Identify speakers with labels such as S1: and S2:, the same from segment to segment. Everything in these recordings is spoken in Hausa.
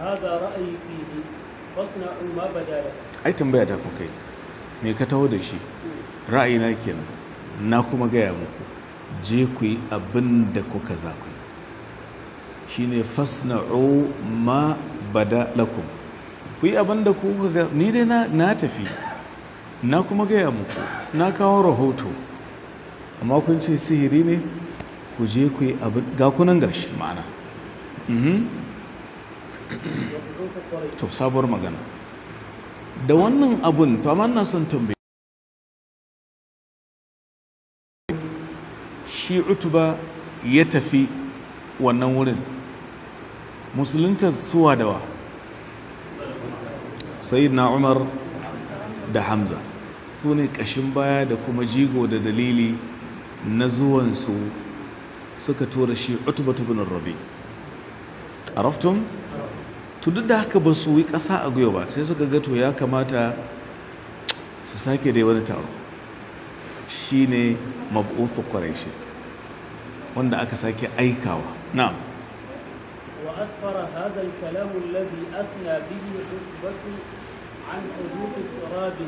S1: hada ra'ayi fihi wasna'u
S2: ai tambaya ta kuka yi me ka taho da shi ra'ayina kenan na kuma gaya muku je ku yi abin da kuka za ku yi shine fasna'u ma bada lakum ku yi abin da ku ga ni dai na tafi na kuma gaya muku na kawo rahoto amma kun ce sihiri ne ku je ku yi abin ga kunan gashi ma'ana to sabuwar magana da wannan abun to amma na son tambaye shi utuba ya tafi wannan wurin musulunta suwa dawa na umar da hamza su ne ƙashin baya da kuma jigo da dalili na zuwansu suka tura shi utubatu bin rabi A raftun to duk da haka ba su yi ƙasa a goyo ba sai suka ga to ya kamata su sake dai wani taro shine mab'ufu quraishi wanda aka sake aikawa na
S1: wa asfara hadha al-kalam alladhi biyu bihi hutbatu an huduth al-turab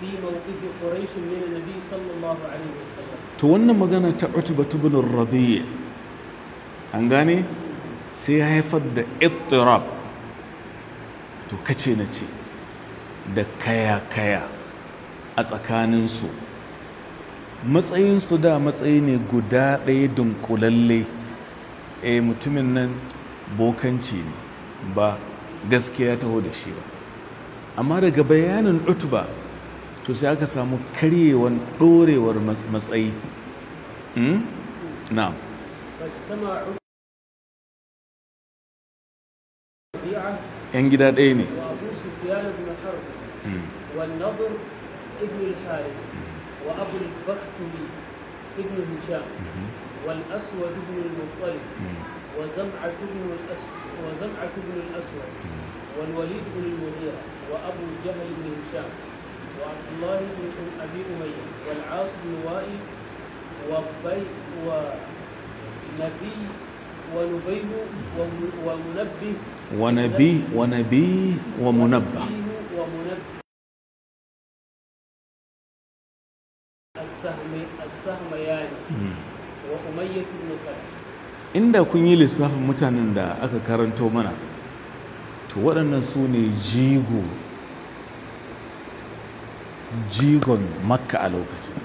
S1: fi mawqif quraish ne na biyu sallallahu alaihi wasallam
S2: to wannan magana ta utbatu ibn rabi' an gane sai ya haifar da ittirab to kace na ce da kaya-kaya a tsakaninsu matsayinsu da matsayi ne guda ɗaya dunkulalle e eh, mutumin nan bokanci ne ba gaskiya taho da shi ba amma daga bayanin utuba to sai aka samu karyewar ɗorewar matsayi hmm? na'
S1: yan gida ɗaya ne والنضر ابن الحارث وأبو البختمي ابن هشام والأسود ابن المطلب وزمعة ابن الأسود وزمعة ابن الأسود والوليد بن المغيرة وأبو جهل بن هشام وعبد الله بن أبي أمية والعاص بن وائل وبي ونبي ونبي
S3: ونبي
S2: ومنبه inda kun yi lissafin mutanen da aka karanto mana to waɗannan su ne jigo jigon makka a lokacin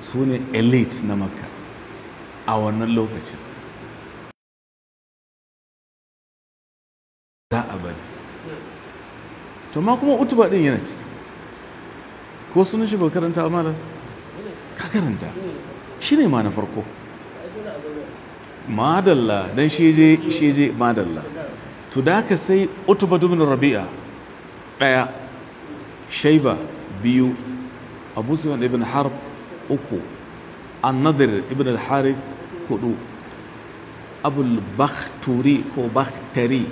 S2: su ne elite na makka a wannan lokacin za a bari to ma kuma utuba din yana ciki ko sunan shi ba karanta ba ka karanta shi ne ma na farko madalla don sheje sheje madalla to da ka sai utuba dumin rabi'a ɗaya shaiba biyu abu sufyan ibn harb uku annadir ibn al-harith hudu abul bakhturi ko bakhtari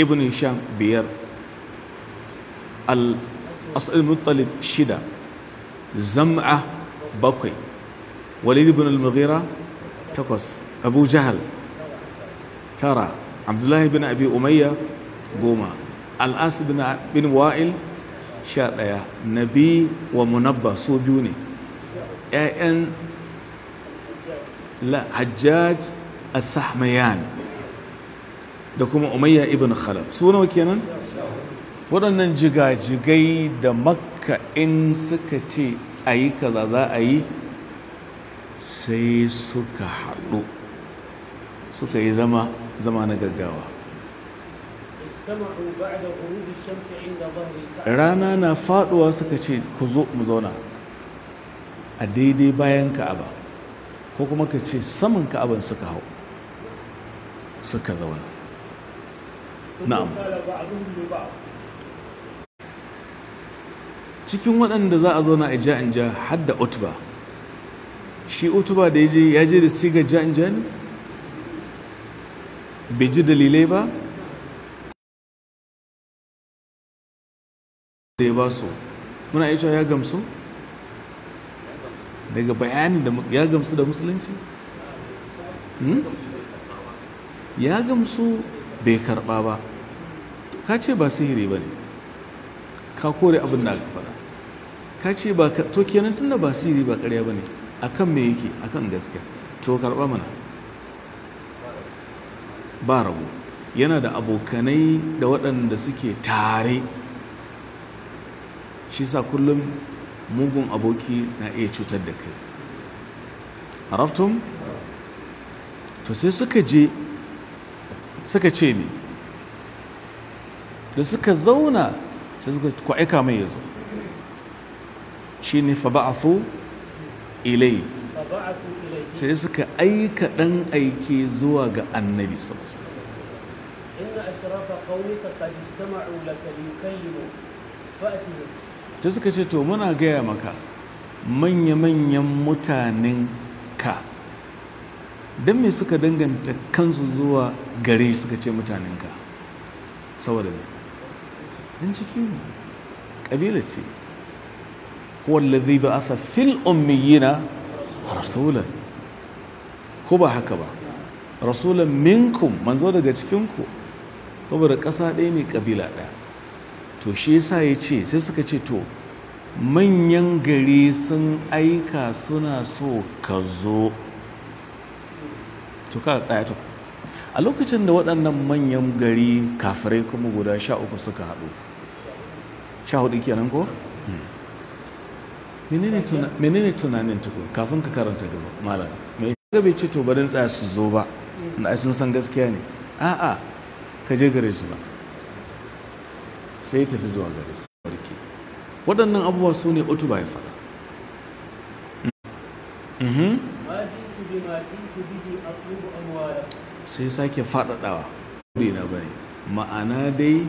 S2: ابن هشام بير المطلب شدة زمعة بقي وليد بن المغيرة تقص أبو جهل ترى عبد الله بن أبي أمية قوما الأس بن بن وائل شاطية نبي ومنبه صوبيوني أن لا حجاج السحميان da kuma umayya ibn khalaf su nawa kenan waɗannan jigajigai da makka in suka ce a yi kaza za a yi sai suka haɗu suka yi zama zama na gaggawa rana na faɗuwa suka ce ku zo mu zauna a daidai bayan ka'aba ko kuma ka ce saman ka'aban suka hau suka zauna na'am cikin waɗanda za a zauna a ja'in ja har da utuba shi utuba da ya je ya je da siga ja'in ja ne bai ji dalilai ba da ya ba su muna iya ya gamsu daga bayani da ya gamsu da musulunci hmm? ya gamsu bai karɓa ba ka ce ba sihiri ba ne ka kore abin da aka faɗa ka ce ba to kenan tunda ba sihiri ba karya ba ne a kan me yake a kan gaskiya to karɓa mana ba rabu, yana da abokanai da waɗanda suke tare shi sa kullum mugun aboki na iya cutar da kai araftum to sai suka je suka ce mi da suka zauna sai suka kwa'aika mai yazo shi ne fa ilai sai suka aika ɗan aiki zuwa ga annabi sallallahu
S1: alaihi
S2: suka ce to muna gaya maka manya-manyan mutanen ka don me suka danganta kansu zuwa Gari shi suka ce mutanenka saboda ne ɗan ciki ne ƙabila ce wallazi ba a fil ummiyina rasulan ko ba haka ba rasulan minkum manzo daga cikinku saboda ƙasa ɗaya ne ƙabila ɗaya to shi yasa ya ce sai suka ce to manyan gari sun aika suna so ka zo to ka tsaya a lokacin da waɗannan manyan gari kafirai kuma guda sha uku suka haɗu sha hudu kenan ko?
S3: Hmm.
S2: menene tunanin tukun kafin ka karanta gaba malam mai gabe ce to barin tsaya su zo ba na sun san gaskiya ne a'a ka je gare su ba sai tafi zuwa gare su warke waɗannan abubuwa su ne otu ba ya faɗa Mhm. a sai sake faɗaɗawa na bane ma'ana dai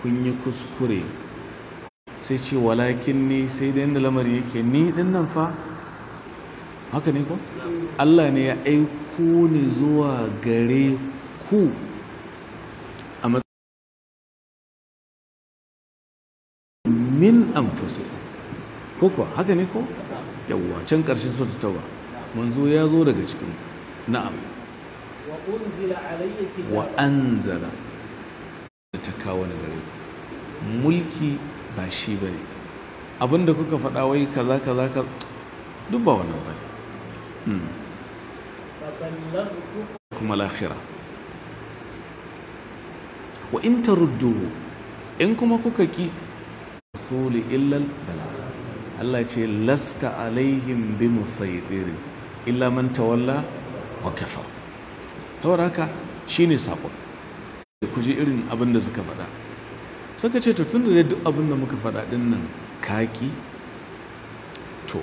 S2: kun yi kuskure sai ce walakin ni sai dai inda lamari yake ni din nan fa haka ne ko Allah ne ya aiko ni zuwa gare
S3: ku a matsayin
S2: min anfusikum ko kuwa haka ne ko Yawancin can ƙarshen sautu manzo ya zo daga cikin na'am wa anzala da ta kawo ni gare ku mulki ba shi ba ne abinda kuka faɗa wai kaza kaza ka duk ba wannan ba ne kuma lahira wa in ta tarudduhu in kuma kuka ki rasuli illal bala Allah ce lasta alaihim bi musaitir illa man tawalla wa kafara saboda haka shine saƙon ku ji irin abin da suka faɗa suka ce to tun da duk abin da muka faɗa ɗin nan kaƙi to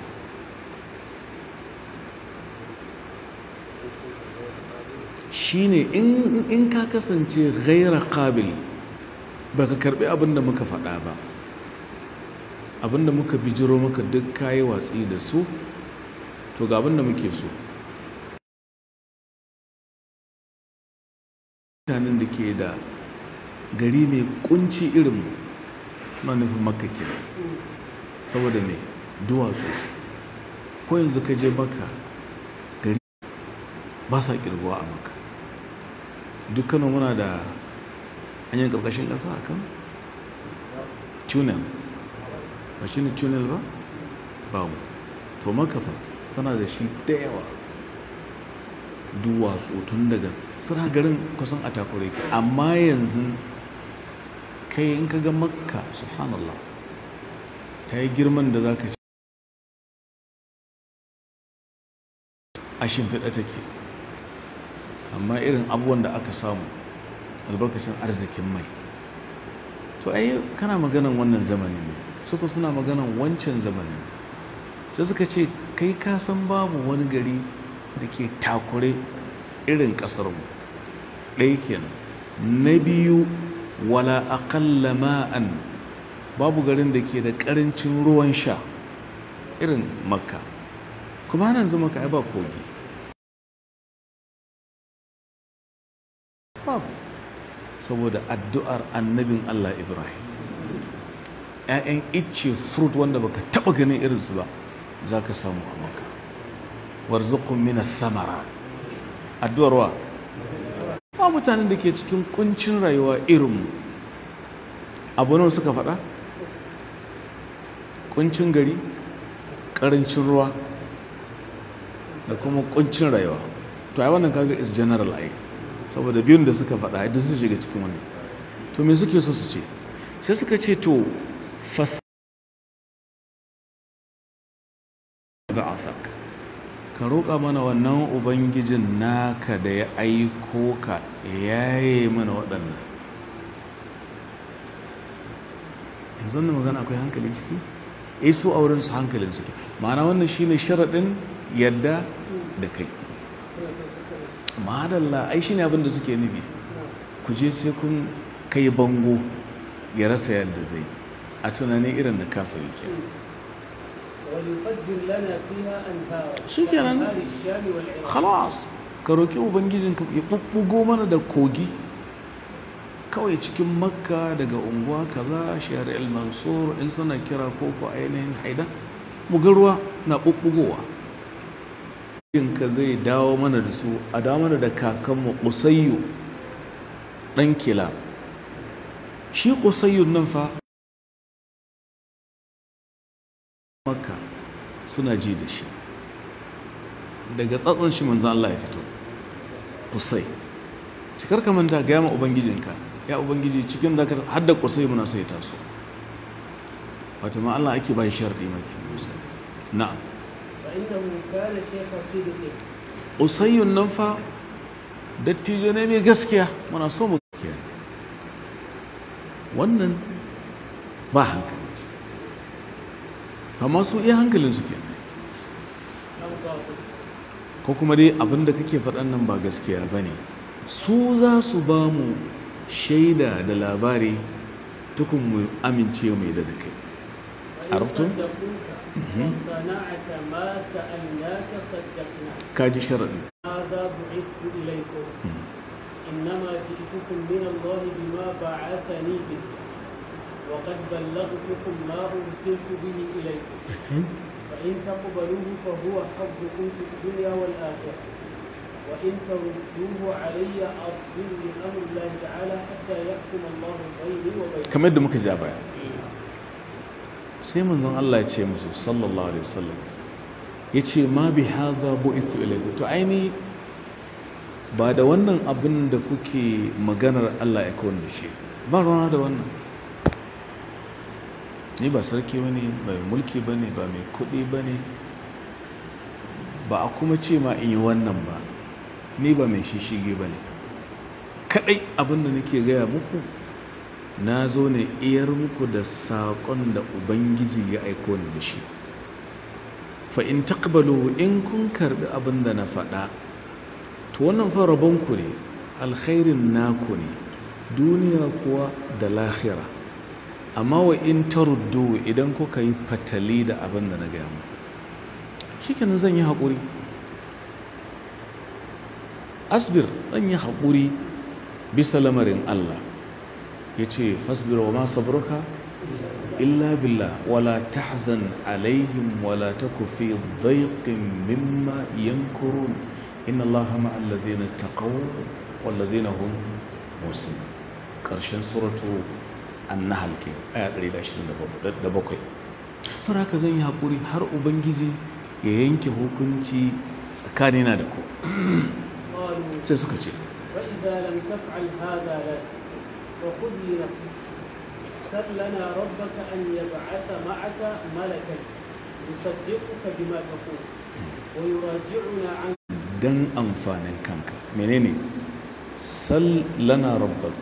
S2: shine in ka kasance gaira ƙabil ba ka karɓi abin da muka faɗa ba abin da muka bijiro maka duk kayi watsi da su to ga abin da muke so mutanen da ke da gari mai kunci irin suna nufin maka ke saboda mai duwatsu ko yanzu ka je baka gari ba sa kirgowa a maka dukkanin muna da hanyar ƙarƙashin kasa a kan tunel ba shi ne tunel ba ba mu to makafa tana da shi da yawa duwatsu tun daga suna garin kusan a takure ka amma yanzu kai in ka ga makka subhanallah ta yi girman da za ka ci a shimfiɗa take amma irin abubuwan da aka samu albarkacin arzikin mai to ai kana maganan wannan zamanin ne suka suna maganan wancan zamanin sai suka ce kai ka san babu wani gari da ke takure irin ƙasarmu ɗaya kenan na biyu wala aƙalla ma'an babu garin da ke da ƙarancin ruwan sha irin makka
S3: kuma nan zama ka ba kogi
S2: babu saboda addu'ar annabin allah ibrahim 'ya'yan icce fruit wanda baka taɓa ganin irinsu ba za ka samu a warzuqhum min ath-thamara addu'ar wa ba mutanen da ke cikin kuncin rayuwa irin abu ne suka faɗa kuncin gari karancin ruwa da kuma kuncin rayuwa to ai wannan kaga is general ai saboda biyun da suka faɗa idan su shiga cikin wannan to me suke so su ce sai suka ce to fas ka roƙa mana wannan ubangijin naka da ya aiko ka ya yi mana waɗannan yanzu da magana akwai hankali ciki ya eh, su a wurin su hankalin suke ma'ana wannan shi ne sharaɗin yadda da kai ma'adalla ai shine abin da suke nufi ku je sai kun kai bango ya rasa yadda zai a tunanin irin da kafin ke
S1: وليفجر لنا فيها أنهارا شكرا
S2: ka ubangijinka ya ɓuɓɓugo mana da kogi kawai cikin makka daga unguwa kaza shahar el-mansur in suna kira koko ainihin haida mugarwa na ɓuɓɓugowa ka zai dawo mana da su a dawo mana da kakanmu ƙusayyu ɗan kila shi ƙusayyun nan fa
S3: makka suna ji da shi
S2: daga tsatson shi manzan Allah ya fito kusai cikar ka manta gaya ma ubangijinka ya ubangiji cikin da ka hadda kusai muna sai taso wato ma Allah ake bai sharɗi maki musa na'am usayyun nan fa dattijo ne mai gaskiya muna so mu gaskiya wannan ba hankali ce amma su iya hankalin su ke ko kuma dai abinda kake faɗan nan ba gaskiya ba ne su za su ba mu shaida da labari tukun mu amince mai da kai arftun
S1: mhm. kaji sharaɗi إنما جئتكم من الله بما بعثني به وقد بلغتكم ما أرسلت به إليكم فإن تقبلوه فهو حظكم في الدنيا والآخرة وإن تردوه علي أصدر لأمر الله تعالى حتى يحكم الله بيني وبينكم كما
S2: يدمك جابا sai manzon Allah ya ce musu sallallahu alaihi wasallam ya ce ma bi hadha bu'ithu ilayku to aini ba da wannan abin da kuke maganar Allah ya kawo da shi ba rana da wannan ni ba sarki ba ne mai mulki ba ne ba mai kuɗi ba ne ba a kuma ce ma in yi wannan ba ni ba mai shishige ba ne kaɗai abin da nake gaya muku na zo ne iyar muku da saƙon da ubangiji ya aiko ni da shi fa in taqbalu in kun karɓi abin da na faɗa to wannan fa rabonku ne alkhairin naku ne duniya kuwa da lahira amma wa in taruddu idan kuka yi fatali da abin da na gaya muku shikenan zan yi haƙuri asbir zan yi haƙuri bisa lamarin Allah ya ce fasbir wa masu illa billah wala tahzan alaihim wala ta kufi, daiƙin mimma yankurun inna Allah ma'allazina taqaw wallazina hum muslim ƙarshen suratu annahal ke aya 127 saraka zan yi haƙuri har ubangiji ya yanke hukunci tsakanina da ku
S1: sai suka ce سل
S2: dan amfanin kanka menene sal lana rabbak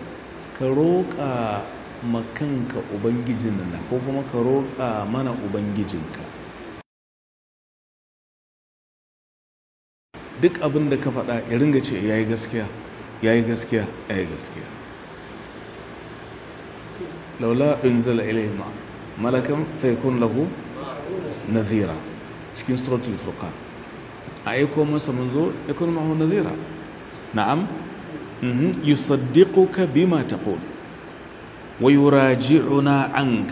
S2: ka roƙa makanka ubangijin nan ko kuma ka roƙa mana ubangijinka duk abin da ka faɗa ya ringa ce ya yi gaskiya ya yi gaskiya ya yi gaskiya laula unzila ilayhima malakan faikun lahu nazira cikin suratul furqan a aiko masa zo ya kuma mahu nazira na'am mhm. yusaddiquka bima taqul wayuraji'una Ang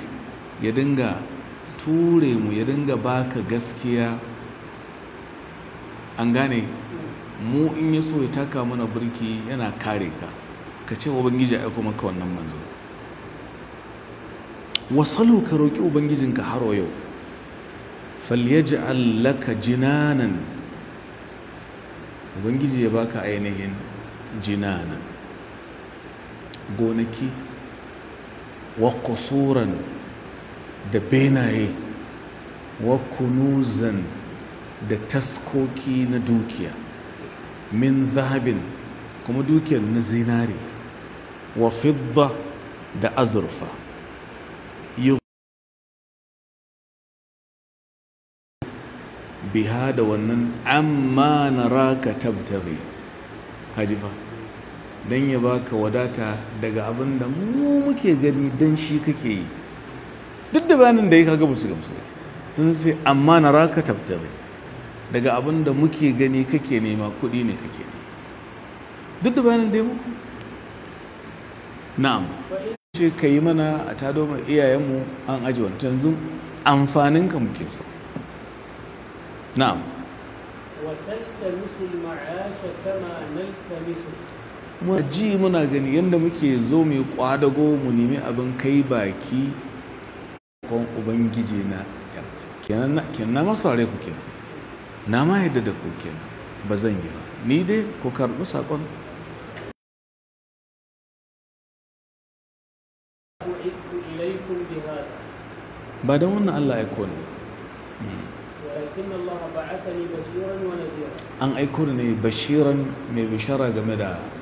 S2: ya dinga ture mu ya dinga baka gaskiya an gane mu in ya so ya taka mana birki yana kare ka ka ce ubangiji ya aiko maka wannan manzo wasalu ka roki ubangijinka haro yau falyaj'al laka jinanan ubangiji ya baka ainihin jinanan gonaki wa da benaye wa kunuzan da taskoki na dukiya min zahabin kuma dukiyar na zinari wa fidda da azurfa biha da wannan amma na raka tabtari kaji don ya baka wadata daga abin da mu muke gani don shi kake yi duk da bayanin da ya kaga musu su gamsu da don sai amma na raka tabtabe daga abin da muke gani kake nema kuɗi ne kake ne duk da bayanin da ya muku na'am ce ka yi mana a tado mai iyayenmu an aji tanzu amfanin ka muke so na'am
S1: وتلتمس المعاش كما نلتمسه
S2: muna ji muna gani yadda muke zo mai kwadago mu nemi abin kai baki kwan ubangiji na kenan na masu ku kenan na ma yadda da ku kenan ba zan yi ba ni dai ku karɓi saƙon ba don wannan allah ya kone an aiko ne bashiran mai bishara game da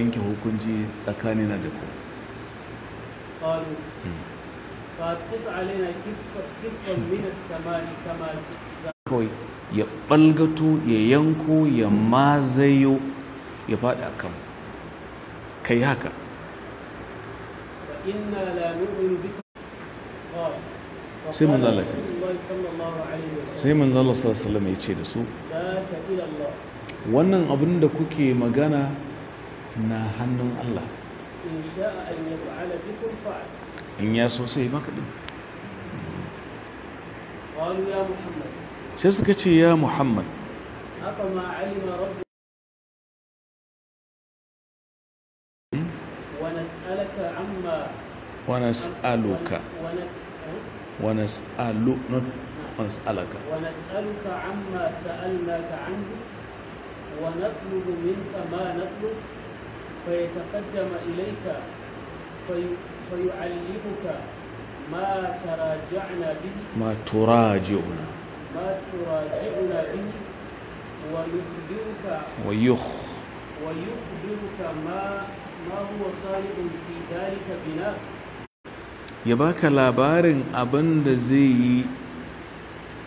S3: yanke hukunci
S2: tsakanina da ku hmm. kawai ya ɓalgato ya yanko ya mazayo ya faɗi a kan ka yi haka
S1: sai mun zala ce sai
S2: mun zala sallallahu alaihi wasallam ya ce da su wannan abin da kuke magana na hannun Allah in ya so sai maka sai suka ce ya muhammad ونسألك ونسألك not ونسألك
S1: ونسألك عما سألناك عنه ونطلب منك ما فيتقدم إليك في فيعلمك ما تراجعنا به
S2: ما تراجعنا
S1: ما تراجعنا به ويخبرك ويخ ويخبرك ما ما هو صالح في ذلك بنا
S2: ya baka labarin abin da zai yi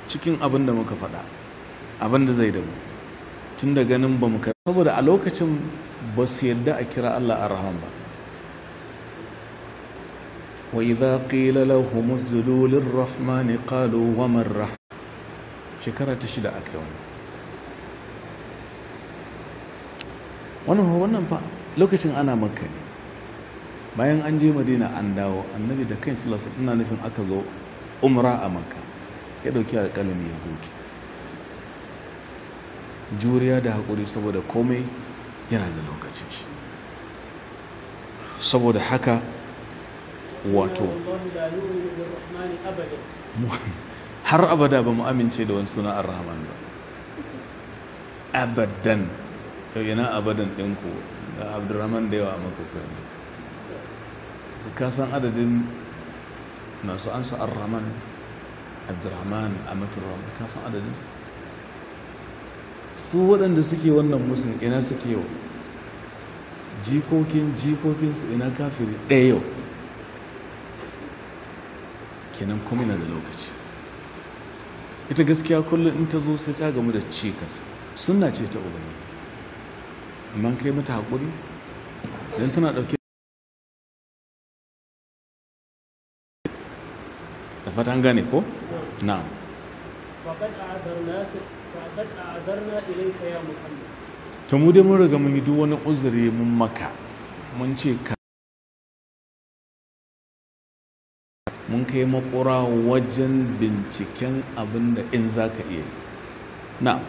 S2: cikin abin da muka faɗa abin da zai da mu tun da ganin ba mu saboda a lokacin ba su yadda a kira Allah a rahman ba wa idha qila lahum usjudu lir-rahman qalu wa man shekara ta shida aka yi wannan wannan fa lokacin ana makka ne bayan an je madina an dawo annabi da kai silasa ina nufin aka zo umra a makka ya dauki alƙalami ya goge juriya da haƙuri saboda komai yana da lokacin shi saboda haka wato har abada ba mu amince da wani suna arhaman ba abadan yana abadan ɗinku da abdurrahman da yawa maka fahimta ka san adadin masu ansa arhaman abdurrahman a rahman ka san adadinsa su waɗanda suke wannan musulun ina suke yau jikokin jikokinsu ina kafiri ɗaya yau kenan kuma na da lokaci ita gaskiya kullum in ta zo sai ta gamu da cikas suna ce ta ubangiji amma kai mata haƙuri don tana ɗauke da an gane ko Na. ta mu dai mun riga mun yi duk wani uzuri mun maka
S3: mun ce ka mun kai makura
S2: wajen binciken abin da in za ka iya na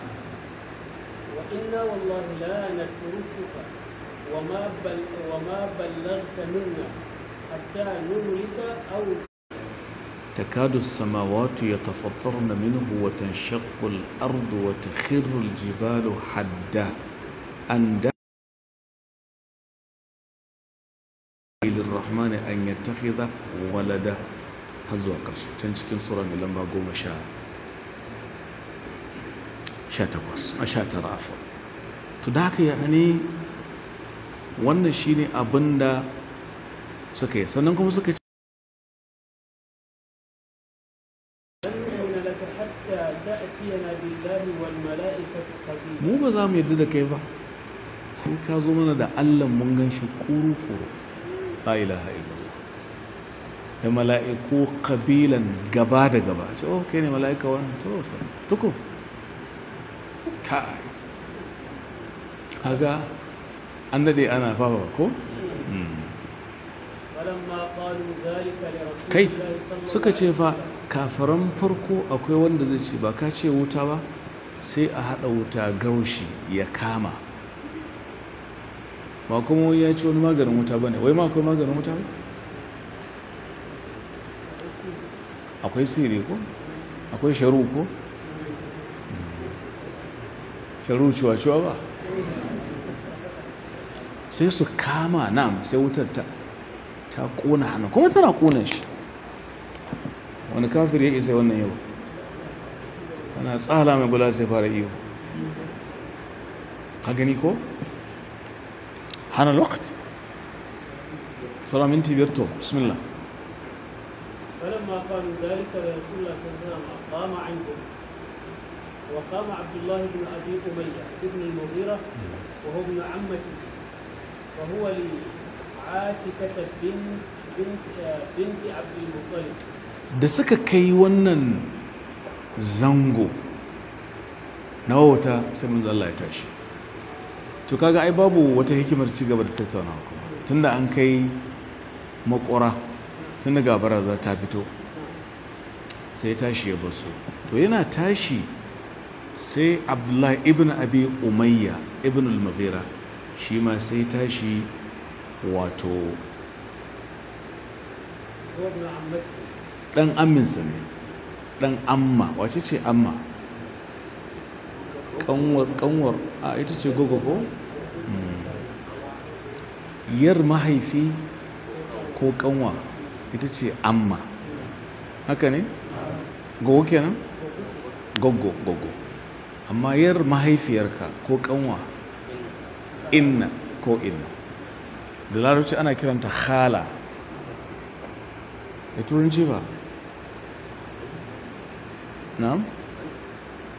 S1: وما بلغت منا حتى نملك أو
S2: تكاد السماوات يتفطرن منه وتنشق الأرض وتخر الجبال حدا أن للرحمن أن يتخذ ولده هزوا قرش تنشكين صورة لما قوم شاء شاتقوس أشاتر عفوا تداك يعني wannan shine abin da suka yi sannan kuma suka mu ba za mu yarda da kai ba sai ka zo mana da allah mun gan shi kuru-kuru la ilaha illallah da mala'iku kabilan gaba da gaba ce oh kai ne mala'ika wani to sa tuku kai kaga an dade ana fafa ko hmm.
S1: kai suka ce fa
S2: kafaran farko akwai wanda zai ce ba ka ce wuta ba sai a haɗa wuta gaushi ya kama ba kuma ya ci wani maganin wuta ba ne wai ma akwai maganin wuta akwai siri ko akwai sharu ko sharu cuwa-cuwa ba sai su kama nan sai wutar ta ta kona hannu kuma tana kona shi wani kafir ya isa wannan yau أنا tsala mai أنا sai fara أنا ka gani أنا hana lokaci أنا minti biyar أنا
S1: فلما قالوا ذلك لرسول الله صلى الله عليه وسلم أقام عنهم وقام عبد الله بن أبي أمية ابن المغيرة وهو ابن عمتي وهو لعاتكة بنت بنت آه، بنت عبد المطلب
S2: دسك كي ونن zango na wata sai manzo Allah ya tashi to kaga ai babu wata hikimar ci gaba da tattaunawa kuma tunda an kai makora tunda gabara za ta fito sai ya tashi ya basu to yana tashi sai abdullahi ibn abi umayya ibn al-mughira shi ma sai tashi wato dan aminsa ne dan amma wace ce amma kanwar kanwar a ita ce gogo ko hmm. yar mahaifi ko kanwa ita ce amma haka ne gogo kenan gogo gogo amma yar mahaifiyarka ko kanwa inna ko inna da larabci ana kiranta khala da turanci ba na'am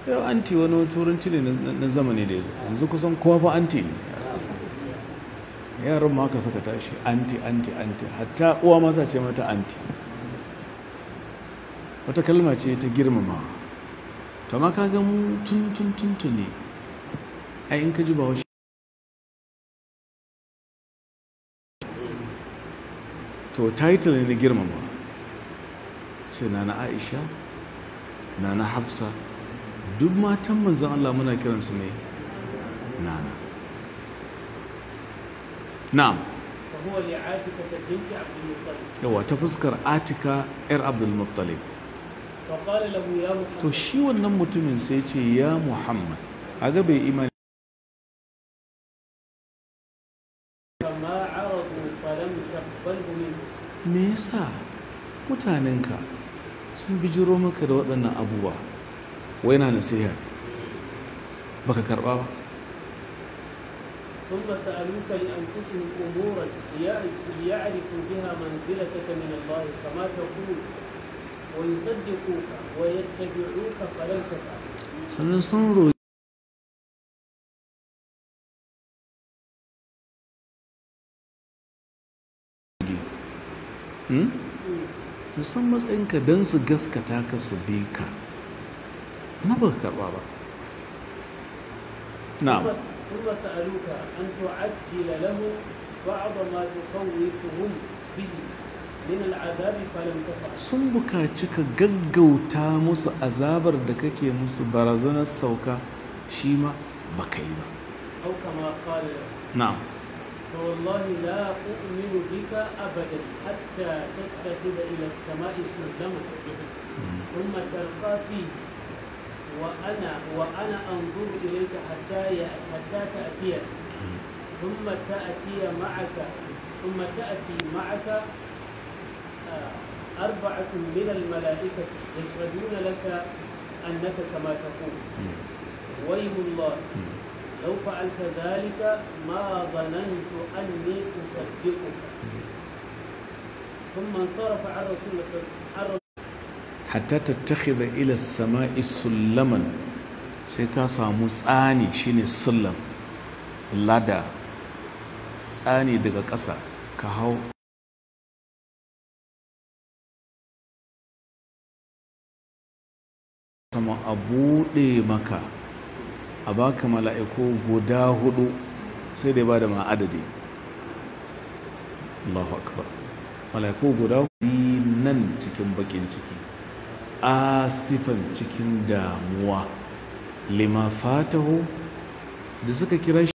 S2: yau anti wani turanci ne na zamani da yanzu kusan kowa fa anti ne yaran ma aka saka tashi anti anti anti hatta uwa maza ce mata anti wata kalma ce ta girmama ta maka gamu mu tun tun tun tun ne
S3: a in ka ji ba
S2: to title ne na girmama sai na na Aisha nana hafsa duk matan manzan allah muna kiransu ne nana na'am yawa ta fuskar atika yar abdulmuttalib to shi wannan mutumin sai ce ya muhammad a ga bai imani me yasa mutanenka sun bijiro maka da waɗannan abubuwa wai na nasiha baka karɓa ba
S1: ثم سألوك لأنفسهم أمورا ليعرفوا بها منزلتك من الله فما تقول ويصدقوك ويتبعوك فلن تفعل
S3: سنستمر
S2: Hmm? su san matsayinka don su gaskata ka su bi ka na ba karɓa ba na
S1: ثم bihi,
S2: sun bukaci ka gaggauta musu azabar da kake musu barazanar sauka shi ma baka yi ba
S1: na'am فوالله لا أؤمن بك أبدا حتى تتخذ إلى السماء سلما ثم تلقى فيه وأنا وأنا أنظر إليك حتى حتى تأتي ثم تأتي معك ثم تأتي معك آه، أربعة من الملائكة يشهدون لك أنك كما تقول ويل الله لو فعلت ذلك ما ظننت أني أصدقك ثم انصرف عن رسول الله صلى الله عليه وسلم
S2: حتى تتخذ إلى السماء سلما sai ka samu tsani shine sullam lada tsani daga ƙasa ka hau sama a buɗe maka a baka mala'iku guda hudu sai dai ba da ma adadi Allahu akbar mala'iku guda hudu nan cikin bakin ciki asifan cikin damuwa lima fatahu
S3: da suka kira shi